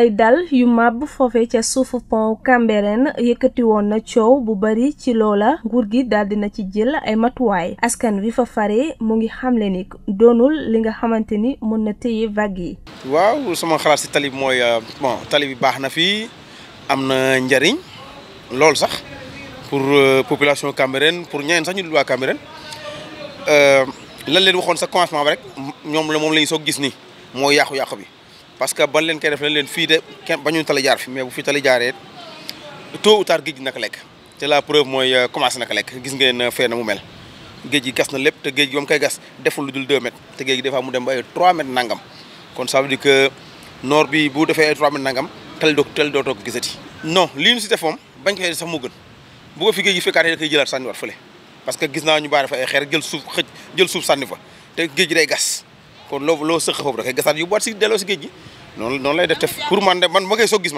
ay dal yu màbb foofe ca suufu pont Cambérène yëkkati woon na coow bu bari ci loola nguur gi daal dina ci jël ay matuwaay askan wi fa fare mu ngi xamle ni doonul li nga xamante ni mën na téye vague yi. waaw sama xalaat si tali mooy euh, tali bi baax na fi am na njariñ lool sax pour euh, population Cambérène pour ñeneen sax ñu dul waa Cambérène. Euh, lan leen waxoon sa commencement bi rek ñoom la moom la ñu gis nii mooy yàqu-yàqu bi parce que ban leen koy def lan leen fii de kenn bañu tali jaar fi mais bu fi tali jaaree tôt ou tard géej gi naka lekk te la preuve mooy euh, commencé nag lekk gis ngeen euh, fee na mu mel géej gi gas na lépp te géej gi ba mu koy gas deful lu dul 2 mètres te géej gi des mu dem ba ay 3 nangam kon ça veut dire que noor bi bu defee ay 3 nangam tel doo tel dootoo ko gisati. non lii ñu si def moom bañ koy sax moo gën bu fi géej gi fekkaatee da koy jëlaat sànni war fële. parce que gis naa ñu baari fa ay xeer jël suuf xëj jël suuf sànni fa te géej day gas kon loo loo sëq foofu da koy gasaat yóbbuwaat si si géej gi noonu noonu lay def te pour man de man ma koy soog gis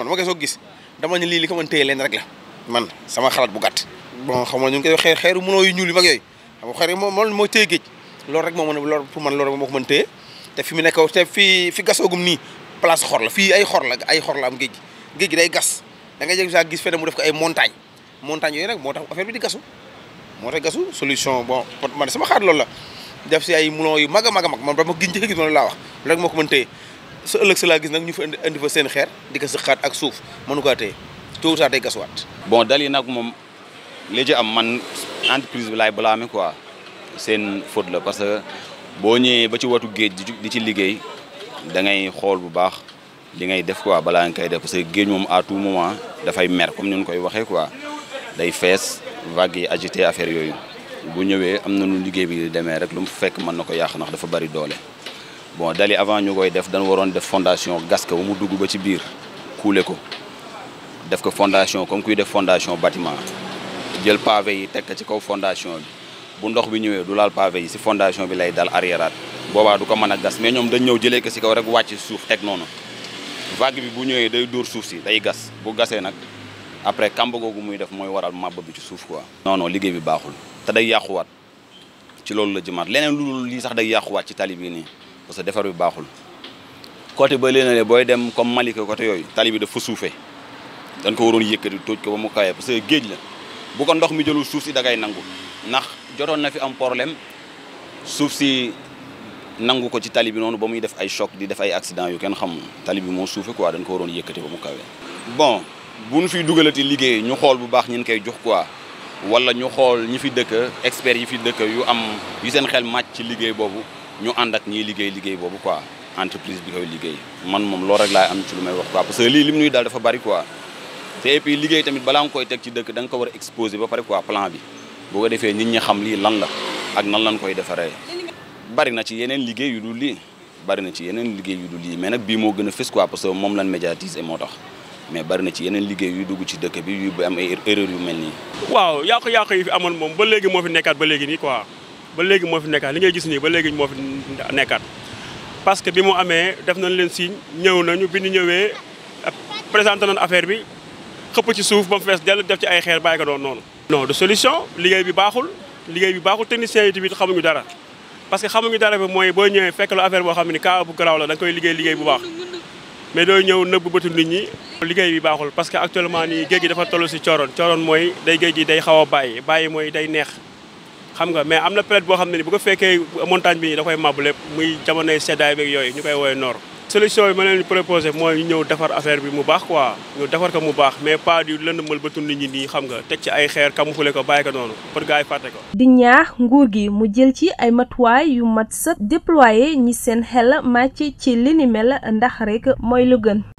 leen rek la man sama gàtt bon xam nga ñu koy xeer xeeru mënoo yu ñuul yi mag yooyu xam moo mën loolu pour man loolu rek moo ko mën téye nekk te fi fi gasoogum nii place xor la fii ay xor la ay xor la am géej gi géej gi day gas da ngay jeg saa gis fene mu def ko ay montagne montagne yooyu rek moo tax affaire bi di gasu moo tax gasu solution bon man sama xaar lool la def si ay moulon yu mag a mag a mag man ba ma gis njëkk gis loolu laa wax loolu rek moo ko mën téye sa ëllëg sa laa gis nag ñu fa indi indi fa seen xeer di ko xaat ak suuf mënu ko téye tout ça day gasuwaat. bon dal nag moom li am man entreprise bi laay blâmer quoi seen faute la parce que boo ñëwee ba ci watu géej di ci liggéey da ngay xool bu baax li ngay def quoi balaa nga koy def parce que géej moom a tout moment dafay mer comme ni ñu koy waxee quoi day fees. vague yi agité affaire yooyu bu ñëwee am na nu liggéey bi demee rek lu mu fekk mën na ko yàq ndax dafa bari doole bon dali avant ñu koy def dañu waroon def fondation gas ko mu dugg ba ci biir kuule ko def ko fondation comme kuy def fondation batiment jël pavé yi teg ko ci kaw fondation bi bu ndox bi ñëwee du laal pavé yi si fondation bi lay dal arriéraat boobaa du ko mën a gas mais ñoom dañ ñëw jëlee ko si kaw rek wàcc suuf teg noonu vague bi bu ñëwee day dóor suuf si day gas bu gasee nag après kàmb googu muy def mooy waral màbb bi ci suuf quoi. non non liggéey bi baaxul te day yàquwaat ci loolu la jëmaat leneen lu lii sax day yàquwaat ci tali bi nii parce que defar bi baaxul côté ba léeg-léeg booy dem comme Malika côté yooyu tali bi dafa suufee dañ ko waroon yëkkati tóoj ko ba mu kawee parce que géej la bu ko ndox mi jëlul suuf si dangay nangu ndax jotoon na fi am problème suuf si nangu ko ci tali bi noonu ba muy def ay choc di def ay accident yu kenn xam tali bi moo suufe quoi ko waroon yëkkati ba mu bon. bu ñu fiy dugalati liggéey ñu xool bu baax ñin koy jox quoi wala ñu xool ñi fi dëkk experts yi fi dëkk yu am yu seen xel màcc ci liggéey boobu ñu ànd ak ñiy liggéey liggéey boobu quoi entreprise bi koy liggéey man moom loolu rek laay am ci lu may wax quoi parce que lii lim nuy daal dafa bari quoi te et puis liggéey tamit balaa nga koy teg ci dëkk danga ko war exposé ba pare quoi plan bi boo ko defee nit ñi xam lii lan la ak nan lañ koy defaree. bari na ci yeneen liggéey yu dul lii na ci yeneen liggéey yu dul bii moo gën a fës quoi que moom lan médiatiser moo tax. mais bari na ci yeneen liggéey yu dugg ci dëkk bi yu am ay yu mel nii. waaw yàq yàqu yi fi amoon moom ba léegi moo fi nekkaat ba léegi nii quoi ba léegi moo fi nekkaat li ngay gis nii ba léegi moo fi nekkaat parce bi mu amee def nañ leen signe ñëw nañu bi ñu ñëwee présenté nañ affaire bi xëpp ci suuf ba mu fees dellu def ci ay xeer bàyyi ko noonu. non de solution liggéey bi baaxul liggéey bi baaxul techniciens yi tamit xamuñu dara parce que xamuñu dara bi mooy boo ñëwee fekk la affaire boo xam ne koy liggéey liggéey bu baax. mais dooy ñëw nëbb bëtu nit ñi. liggéey bi baaxul parce que actuellement nii géej gi dafa toll si cooroon cooroon mooy day géej gi day xaw a bàyyi bàyyi mooy day neex. xam nga mais am na période boo xam ne ni bu ko fekkee montagne bi da koy màbb lépp muy jamonoy seddaay beeg yooyu ñu koy woowee noor. solution bi ma leen di proposé mooy ñu ñëw defar affaire bi mu baax ko ñu defar ko mu baax mais pas du lëndëmal ba tund ñi nii xam nga teg ci ay xeer camoufler ko bàyyi ko noonu pour gars yi fàtte ko. di ñaax nguur gi mu jël ci ay matuwaay yu mat sa déployé ñi seen xel màcc ci li ni mel ndax rek mooy lu gën.